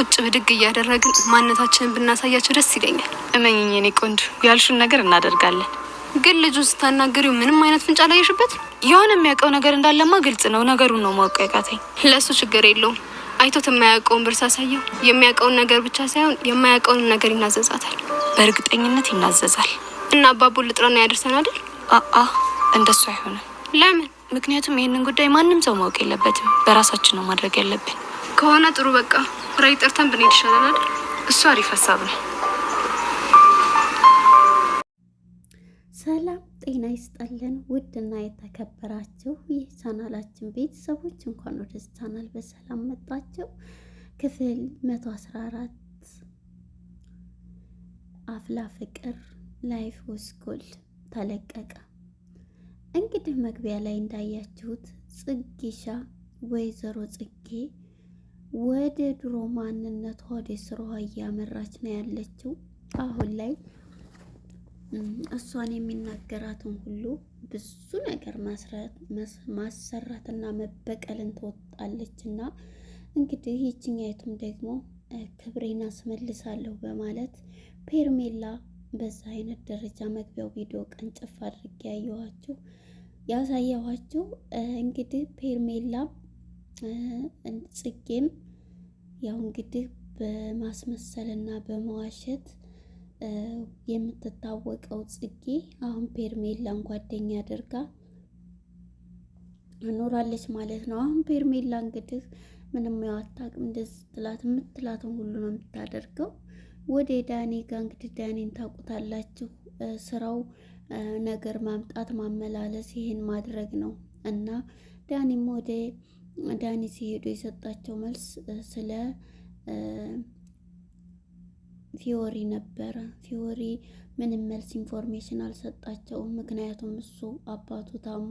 ቁጭ ብድግ እያደረግን ማንነታችንን ብናሳያቸው ደስ ይለኛል። እመኝኝ የኔ ቆንጆ፣ ያልሹን ነገር እናደርጋለን። ግን ልጁ ስታናገሪው ምንም አይነት ፍንጭ አላየሽበት? የሆነ የሚያውቀው ነገር እንዳለማ ግልጽ ነው። ነገሩን ነው ማወቅ ያቃተኝ። ለእሱ ችግር የለውም። አይቶት የማያውቀውን ብር ሳሳየው የሚያውቀውን ነገር ብቻ ሳይሆን የማያውቀውን ነገር ይናዘዛታል። በእርግጠኝነት ይናዘዛል። እና አባቡን ልጥረና ያደርሰን አይደል? አአ እንደሱ አይሆንም። ለምን? ምክንያቱም ይህንን ጉዳይ ማንም ሰው ማወቅ የለበትም። በራሳችን ነው ማድረግ ያለብን። ከሆነ ጥሩ በቃ ራይ ጠርተን ብንሄድ ይሻላል። እሱ አሪፍ ሀሳብ ነው። ሰላም ጤና ይስጠልን። ውድና የተከበራችሁ ይህ ቻናላችን ቤተሰቦች እንኳን ወደ ቻናል በሰላም መጣችሁ። ክፍል መቶ አስራ አራት አፍላ ፍቅር ላይፍ ወስኮል ተለቀቀ። እንግዲህ መግቢያ ላይ እንዳያችሁት ጽጌሻ ወይዘሮ ጽጌ ወደ ድሮ ማንነት ወደ ስራዋ እያመራች ነው ያለችው። አሁን ላይ እሷን የሚናገራትን ሁሉ ብዙ ነገር ማሰራትና መበቀልን ትወጣለች እና እንግዲህ ይችኛይቱም ደግሞ ክብሬን አስመልሳለሁ በማለት ፔርሜላ በዛ አይነት ደረጃ መግቢያው ቪዲዮ ቀንጭፍ አድርጌ ያየኋችሁ ያሳየኋችሁ እንግዲህ ፔርሜላ ጽጌም ያው እንግዲህ በማስመሰልና በመዋሸት የምትታወቀው ጽጌ አሁን ፔርሜላን ጓደኛ አድርጋ እኖራለች ማለት ነው። አሁን ፔርሜላ እንግዲህ ምንም ያው አታውቅም። እንደዚህ ትላት የምትላትን ሁሉ ነው የምታደርገው። ወደ ዳኔ ጋር እንግዲህ ዳኔን ታውቁታላችሁ። ስራው ነገር ማምጣት ማመላለስ፣ ይህን ማድረግ ነው እና ዳኔም ወደ ዳኒ ሲሄዱ የሰጣቸው መልስ ስለ ፊዮሪ ነበረ። ፊዮሪ ምንም መልስ ኢንፎርሜሽን አልሰጣቸውም። ምክንያቱም እሱ አባቱ ታሞ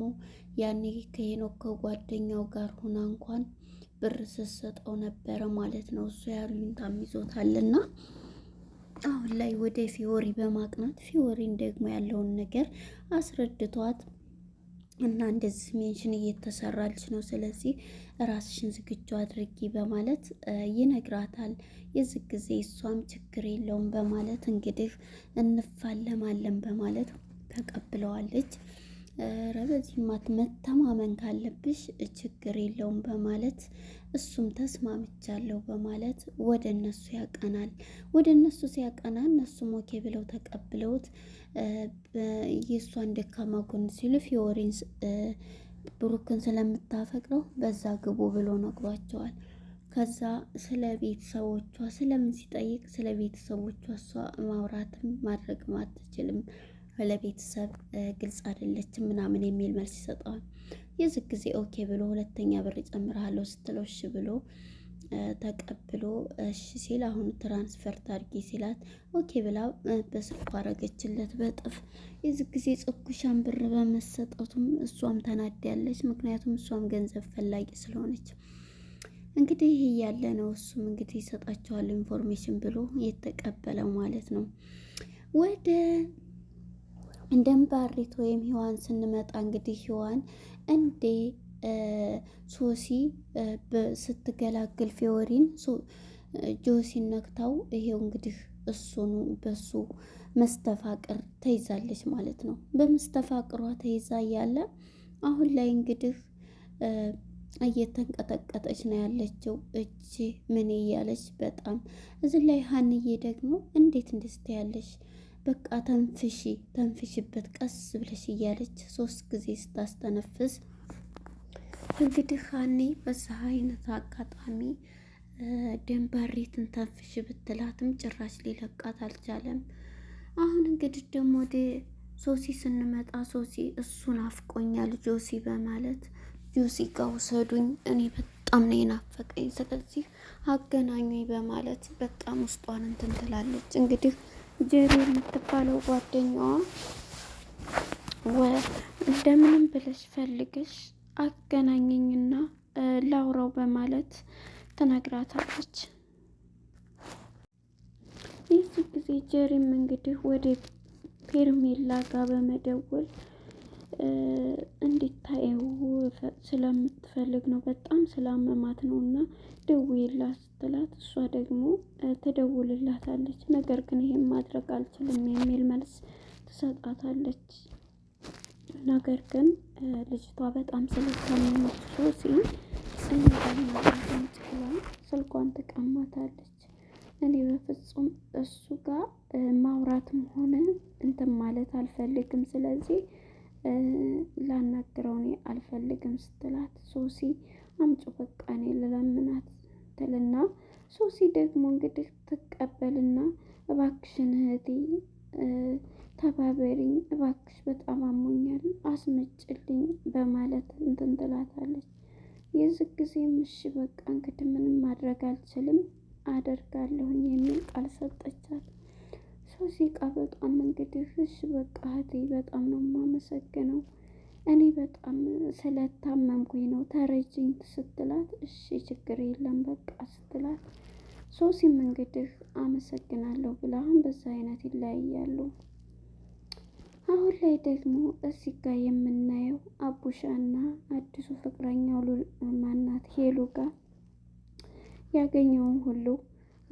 ያኔ ከሄኖክ ከጓደኛው ጋር ሁና እንኳን ብር ስሰጠው ነበረ ማለት ነው። እሱ ያሉኝታም ይዞታልና አሁን ላይ ወደ ፊዮሪ በማቅናት ፊዮሪን ደግሞ ያለውን ነገር አስረድቷት እና እንደዚህ ሜንሽን እየተሰራልች ነው፣ ስለዚህ ራስሽን ዝግጁ አድርጊ በማለት ይነግራታል። የዚህ ጊዜ እሷም ችግር የለውም በማለት እንግዲህ እንፋለማለን በማለት ተቀብለዋለች። ኧረ በዚህ ማት መተማመን ካለብሽ ችግር የለውም በማለት እሱም ተስማምቻለሁ በማለት ወደ እነሱ ያቀናል። ወደ እነሱ ሲያቀና እነሱም ኦኬ ብለው ተቀብለውት የእሷን ደካማ ጎን ሲሉ ፊዮሬን ብሩክን ስለምታፈቅረው በዛ ግቡ ብሎ ነግሯቸዋል። ከዛ ስለ ቤተሰቦቿ ስለምን ሲጠይቅ ስለ ቤተሰቦቿ እሷ ማውራትም ማድረግም አትችልም። ለቤተሰብ ግልጽ አይደለችም ምናምን የሚል መልስ ይሰጠዋል። የዚህ ጊዜ ኦኬ ብሎ ሁለተኛ ብር ይጨምርሃለሁ ስትለው እሺ ብሎ ተቀብሎ እሺ ሲል አሁን ትራንስፈር ታርጊ ሲላት ኦኬ ብላ በስልኩ አረገችለት በጥፍ። የዚህ ጊዜ ጽጉሻን ብር በመሰጠቱም እሷም ተናዳለች። ምክንያቱም እሷም ገንዘብ ፈላጊ ስለሆነች እንግዲህ ይህ ያለ ነው። እሱም እንግዲህ ይሰጣቸዋል ኢንፎርሜሽን ብሎ የተቀበለው ማለት ነው ወደ እንደም ባሪት ወይም ህዋን ስንመጣ እንግዲህ ህዋን እንዴ ሶሲ ስትገላግል ፊዮሪን ጆሲን ነክታው ይሄው እንግዲህ እሱኑ በሱ መስተፋቅር ተይዛለች ማለት ነው። በመስተፋቅሯ ተይዛ እያለ አሁን ላይ እንግዲህ እየተንቀጠቀጠች ነው ያለችው። እጅ ምን እያለች በጣም እዚህ ላይ ሀንዬ ደግሞ እንዴት እንደስተ ያለች በቃ ተንፍሺ ተንፍሽበት ቀስ ብለሽ እያለች ሶስት ጊዜ ስታስተነፍስ እንግዲህ ሀኒ በዛ አይነት አጋጣሚ ደንባሬትን ተንፍሽ ብትላትም ጭራሽ ሊለቃት አልቻለም። አሁን እንግዲህ ደግሞ ወደ ሶሲ ስንመጣ ሶሲ እሱን አፍቆኛል ጆሲ በማለት ጆሲ ጋ ውሰዱኝ እኔ በጣም ነው የናፈቀኝ ስለዚህ አገናኙኝ በማለት በጣም ውስጧን እንትን ትላለች እንግዲህ ጀሪ የምትባለው ጓደኛዋ እንደምንም ብለሽ ፈልግሽ አገናኘኝና ላውራው በማለት ትነግራታለች። ይህ ጊዜ ጀሪም እንግዲህ ወደ ፔርሜላ ጋር በመደወል እንዲታየው ስለምትፈልግ ነው፣ በጣም ስላመማት ነው እና ደውዬላት ስትላት እሷ ደግሞ ትደውልላታለች። ነገር ግን ይህም ማድረግ አልችልም የሚል መልስ ትሰጣታለች። ነገር ግን ልጅቷ በጣም ስለታመመች ሶሲ እኛጋናድምጭ ብላ ስልኳን ትቀማታለች። እኔ በፍጹም እሱ ጋር ማውራትም ሆነ እንትን ማለት አልፈልግም፣ ስለዚህ ላናግረው እኔ አልፈልግም ስትላት ሶሲ አምጩ በቃ እኔ ልለምናት ትልና ሶሲ ደግሞ እንግዲህ ትቀበልና እባክሽን እህቴ ተባበሪኝ፣ እባክሽ በጣም አሞኛል አስመጭልኝ በማለት እንትን ትላታለች። የዚህ ጊዜም ምሽ በቃ እንግዲህ ምንም ማድረግ አልችልም አደርጋለሁኝ የሚል ቃል ሰጠቻት። ሶሲ ቃ በጣም እንግዲህ እሺ በቃ እህቴ በጣም ነው የማመሰግነው እኔ በጣም ስለታመምኩኝ ነው ተረጅኝ ስትላት፣ እሺ ችግር የለም በቃ ስትላት፣ ሶሲም እንግዲህ አመሰግናለሁ ብላ አሁን በዛ አይነት ይለያያሉ። አሁን ላይ ደግሞ እዚህ ጋር የምናየው አቡሻና አዲሱ ፍቅረኛው ማናት ሄሉ ጋር ያገኘውን ሁሉ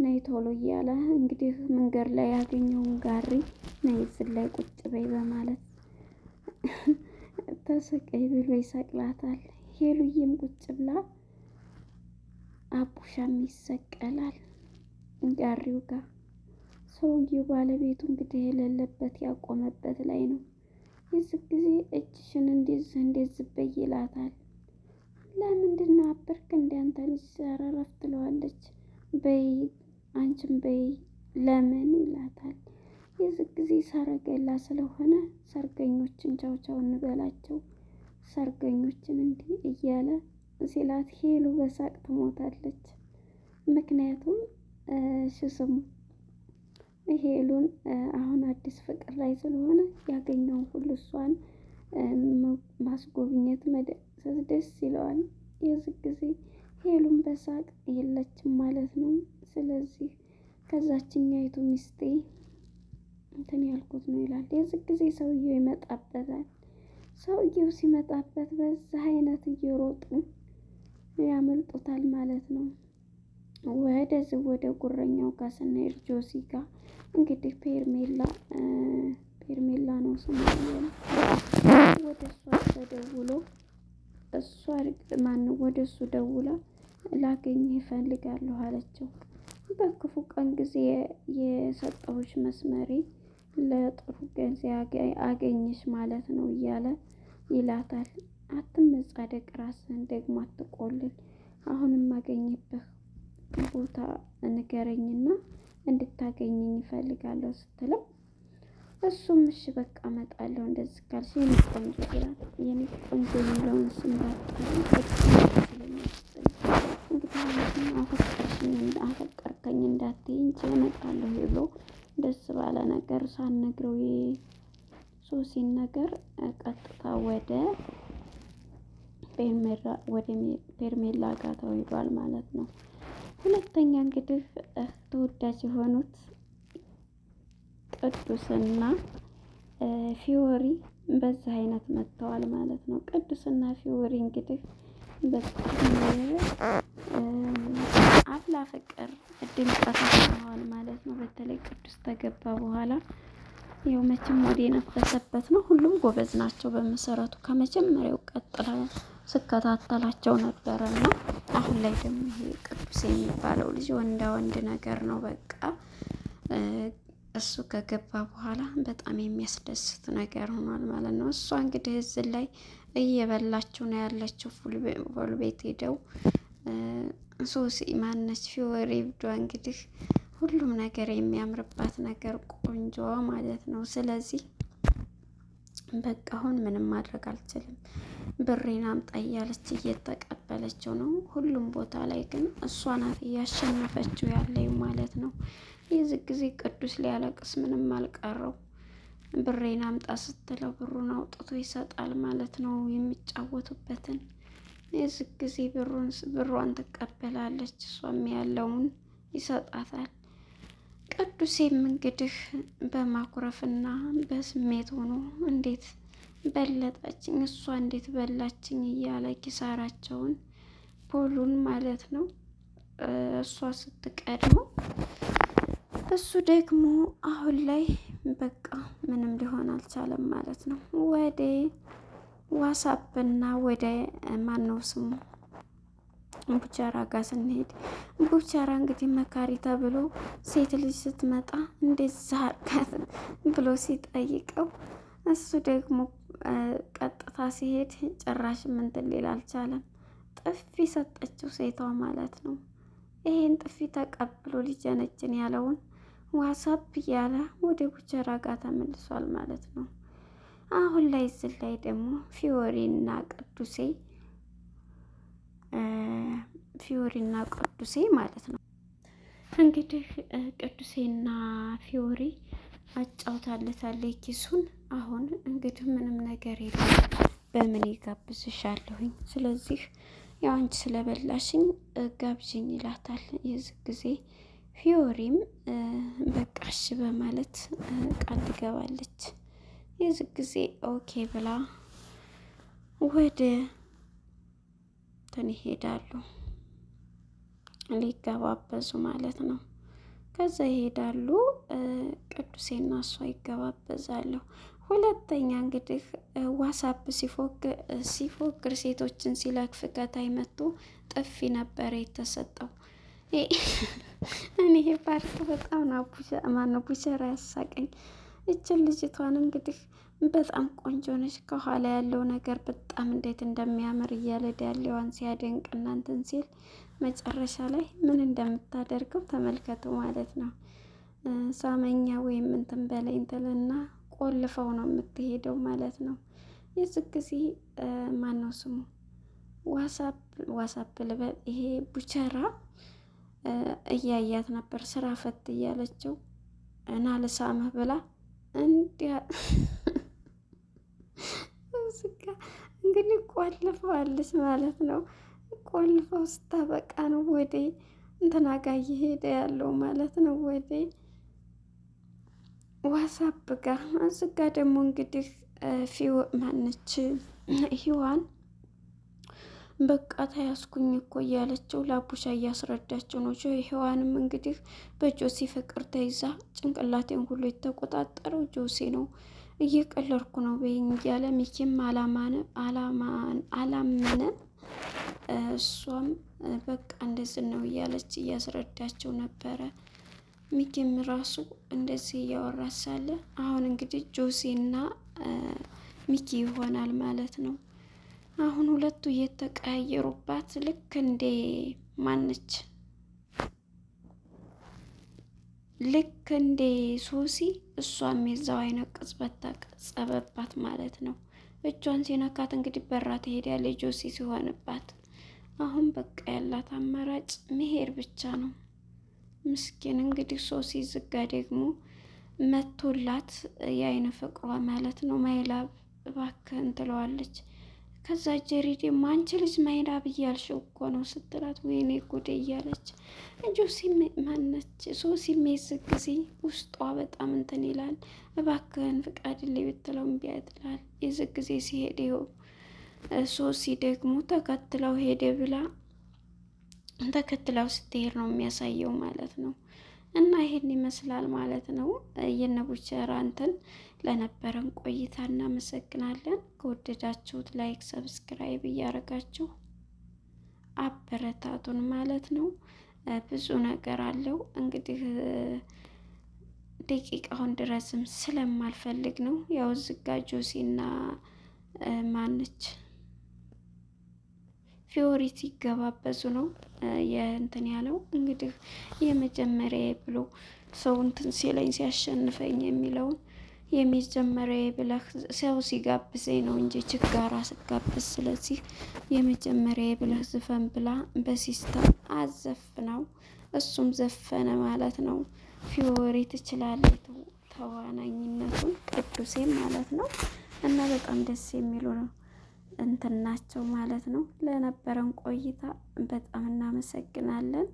ነይ ቶሎ እያለ እንግዲህ መንገድ ላይ ያገኘውን ጋሪ ነይ እዚህ ላይ ቁጭ በይ በማለት ተሰቀይ ብሎ ይሰቅላታል። ሄሉዬም ቁጭ ብላ አቡሻም ይሰቀላል ጋሪው ጋር። ሰውዬው ባለቤቱ እንግዲህ የሌለበት ያቆመበት ላይ ነው። የዚህ ጊዜ እጅሽን እንደዚህ እንዴዝ በይ ይላታል። ለምንድን ነው አበርክ እንዲያንተ ልጅ ረረፍ ትለዋለች። በይ አንቺም በይ ለምን ይላታል። የዚህ ጊዜ ሰረገላ ስለሆነ ሰርገኞችን ቻው ቻው እንበላቸው ሰርገኞችን እንዲህ እያለ ሲላት ሄሉ በሳቅ ትሞታለች። ምክንያቱም ሽስሙ ሄሉን አሁን አዲስ ፍቅር ላይ ስለሆነ ያገኘውን ሁሉ እሷን ማስጎብኘት መደሰት ደስ ይለዋል። የዚ ጊዜ ሄሉን በሳቅ የለችም ማለት ነው። ስለዚህ ከዛችኛይቱ ሚስቴ እንትን ያልኩት ነው ይላል። የዚህ ጊዜ ሰውየው ይመጣበታል። ሰውየው ሲመጣበት በዛ አይነት እየሮጡ ያመልጡታል ማለት ነው። ወደዚህ ወደ ጉረኛው ጋር ስንሄድ ጆሲ ጋር እንግዲህ ፔርሜላ ፔርሜላ ነው ስሙ። ወደ እሷ ተደውሎ እሷ ማን ወደ እሱ ደውላ ላገኝህ እፈልጋለሁ አለችው። በክፉ ቀን ጊዜ የሰጠሁሽ መስመሬ ለጥሩ ገንዘብ አገኘሽ ማለት ነው እያለ ይላታል። አትመጻደቅ፣ ራስን ደግሞ አትቆልል። አሁንም አገኘብህ ቦታ ንገረኝና እንድታገኘኝ ይፈልጋለሁ ስትለው እሱም እሺ በቃ እመጣለሁ እንደዚህ ካልሽ የኔ ቆንጆ ይላል። የኔ ቆንጆ የሚለውን ስም እንግዲህ አፈቀርሽኝ እንዳፈቀርከኝ እንዳትዪ እንጂ እመጣለሁ ብሎ ደስ ባለ ነገር ሳነግረው ሶሲን ነገር ቀጥታ ወደ ወደ ፔርሜላ ጋር ተወሂዷል ማለት ነው። ሁለተኛ እንግዲህ ተወዳጅ የሆኑት ቅዱስና ፊዮሪ በዚህ አይነት መጥተዋል ማለት ነው። ቅዱስና ፊዮሪ እንግዲህ በጣም አፍላ ፍቅር እድል ተፈጥረዋል ማለት ነው። በተለይ ቅዱስ ከገባ በኋላ ያው መቼም ወደ የነፈሰበት ነው። ሁሉም ጎበዝ ናቸው። በመሰረቱ ከመጀመሪያው ቀጥላ ስከታተላቸው ነበረ እና አሁን ላይ ደግሞ ይሄ ቅዱስ የሚባለው ልጅ ወንዳ ወንድ ነገር ነው። በቃ እሱ ከገባ በኋላ በጣም የሚያስደስት ነገር ሆኗል ማለት ነው። እሷ እንግዲህ እዚህ ላይ እየበላችው ነው ያለችው ፉል ቤት ሄደው ሶሲ ማነች ፊወሪ ብዷ እንግዲህ ሁሉም ነገር የሚያምርባት ነገር ቆንጆዋ ማለት ነው። ስለዚህ በቃ አሁን ምንም ማድረግ አልችልም፣ ብሬን አምጣ እያለች እየተቀበለችው ነው። ሁሉም ቦታ ላይ ግን እሷ ናት እያሸነፈችው ያለኝ ማለት ነው። የዚህ ጊዜ ቅዱስ ሊያለቅስ ምንም አልቀረው። ብሬን አምጣ ስትለው ብሩን አውጥቶ ይሰጣል ማለት ነው የሚጫወቱበትን የዚህ ጊዜ ብሯን ትቀበላለች። እሷም ያለውን ይሰጣታል። ቅዱሴም እንግዲህ በማኩረፍና በስሜት ሆኖ እንዴት በለጠችኝ፣ እሷ እንዴት በላችኝ እያለ ኪሳራቸውን ፖሉን ማለት ነው እሷ ስትቀድመው እሱ ደግሞ አሁን ላይ በቃ ምንም ሊሆን አልቻለም ማለት ነው ወዴ እና ወደ ማነው ስሙ ቡቸራ ጋር ስንሄድ ቡቸራ እንግዲህ መካሪ ተብሎ ሴት ልጅ ስትመጣ እንደዛ አርጋት ብሎ ሲጠይቀው እሱ ደግሞ ቀጥታ ሲሄድ ጭራሽ ምንትን አልቻለም። ጥፊ ሰጠችው ሴቷ ማለት ነው። ይሄን ጥፊ ተቀብሎ ልጀነችን ያለውን ዋሳፕ እያለ ወደ ቡቸራ ጋር ተመልሷል ማለት ነው። አሁን ላይ እዚህ ላይ ደግሞ ፊዮሪና ቅዱሴ ፊዮሪና ቅዱሴ ማለት ነው እንግዲህ ቅዱሴና ፊዮሪ አጫውታለታለች ኪሱን። አሁን እንግዲህ ምንም ነገር የለም በምን ይጋብዝሻለሁኝ፣ ስለዚህ ያው አንቺ ስለበላሽኝ ጋብዥኝ ይላታል። የዚህ ጊዜ ፊዮሪም በቃሽ በማለት ቃል ትገባለች። የዚ ጊዜ ኦኬ ብላ ወደ እንትን ይሄዳሉ ሊገባበዙ ማለት ነው። ከዛ ይሄዳሉ። ቅዱሴና እሷ ይገባበዛለሁ። ሁለተኛ እንግዲህ ዋሳፕ ሲፎግር ሲፎግር ሴቶችን ሲለክፍ ከታይ መጥቶ ጥፊ ነበረ የተሰጠው። እኔ ይሄ ፓርት በጣም ነው ቡሸራ ያሳቀኝ። እችን ልጅቷን እንግዲህ በጣም ቆንጆ ነች። ከኋላ ያለው ነገር በጣም እንዴት እንደሚያምር እያለድ ያለዋን ሲያደንቅ እናንትን ሲል መጨረሻ ላይ ምን እንደምታደርገው ተመልከቱ ማለት ነው። ሳመኛ ወይም ምንትን በላይ እንትልና ቆልፈው ነው የምትሄደው ማለት ነው። የዚህ ጊዜ ማነው ስሙ ዋሳፕ ልበል ይሄ ቡቸራ እያያት ነበር ስራ ፈት እያለችው እና ልሳምህ ብላ እንዲያ ስጋ እንግዲህ ቆልፈዋለች ማለት ነው። ቆልፈው ስታበቃ ነው ወደ እንትና ጋ እየሄደ ያለው ማለት ነው። ወደ ዋሳብ ጋ ስጋ ደግሞ እንግዲህ ፊው ማነች ሂዋን በቃ ተያዝኩኝ እኮ እያለችው ለአቡሻ እያስረዳችው ነው። ሔዋንም እንግዲህ በጆሴ ፍቅር ተይዛ ጭንቅላቴን ሁሉ የተቆጣጠረው ጆሴ ነው። እየቀለርኩ ነው በይኝ እያለ ሚኪም አላመነ። እሷም በቃ እንደዚህ ነው እያለች እያስረዳቸው ነበረ። ሚኪም ራሱ እንደዚህ እያወራች ሳለ አሁን እንግዲህ ጆሴና ሚኪ ይሆናል ማለት ነው። አሁን ሁለቱ እየተቀያየሩባት ልክ እንዴ ማነች ልክ እንዴ ሶሲ እሷም የዛው አይነት ቅጽበት ተቀጸበባት ማለት ነው። እጇን ሲነካት እንግዲህ በራ ትሄዳለች ጆሲ ሲሆንባት፣ አሁን በቃ ያላት አማራጭ መሄድ ብቻ ነው። ምስኪን እንግዲህ ሶሲ ዝጋ ደግሞ መቶላት የአይነ ፍቅሯ ማለት ነው። ማይላብ እባክህን ትለዋለች። ከዛ ጀሪ ጀሪዴ አንቺ ልጅ ማይዳ ብያልሽው እኮ ነው ስትላት፣ ወይኔ ጉዴ እያለች እንጂ ማነች ሶ ሲሜስ ጊዜ ውስጧ በጣም እንትን ይላል። እባክህን ፍቃድ ላይ ብትለው እምቢ ትላል። የዚ ጊዜ ሲሄድ ይኸው ሶሲ ደግሞ ተከትለው ሄደ ብላ ተከትለው ስትሄድ ነው የሚያሳየው ማለት ነው። እና ይሄን ይመስላል ማለት ነው። የነቡቸራ እንትን ለነበረን ቆይታ እናመሰግናለን። ከወደዳችሁት ላይክ፣ ሰብስክራይብ እያደረጋችሁ አበረታቱን ማለት ነው። ብዙ ነገር አለው እንግዲህ ደቂቃውን ድረስም ስለማልፈልግ ነው ያው ዝጋ ጆሲና ማነች ፊዮሪ ሲገባበዙ ነው የእንትን ያለው እንግዲህ የመጀመሪያ ብሎ ሰው እንትን ሲለኝ ሲያሸንፈኝ የሚለውን የመጀመሪያ ብለህ ሰው ሲጋብዘኝ ነው እንጂ ችጋራ ስጋብዝ። ስለዚህ የመጀመሪያ ብለህ ዝፈን ብላ በሲስተም አዘፍነው እሱም ዘፈነ ማለት ነው። ፊዮሪ ትችላለች ተዋናኝነቱን ቅዱሴ ማለት ነው። እና በጣም ደስ የሚሉ ነው። እንትን ናቸው ማለት ነው። ለነበረን ቆይታ በጣም እናመሰግናለን።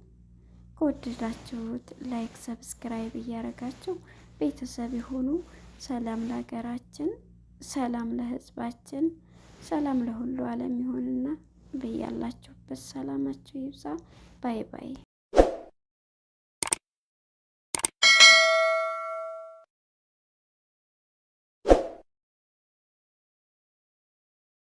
ከወደዳችሁት ላይክ፣ ሰብስክራይብ እያደረጋችሁ ቤተሰብ የሆኑ ሰላም ለሀገራችን፣ ሰላም ለሕዝባችን፣ ሰላም ለሁሉ ዓለም ይሆንና በያላችሁበት ሰላማችሁ ይብዛ። ባይ ባይ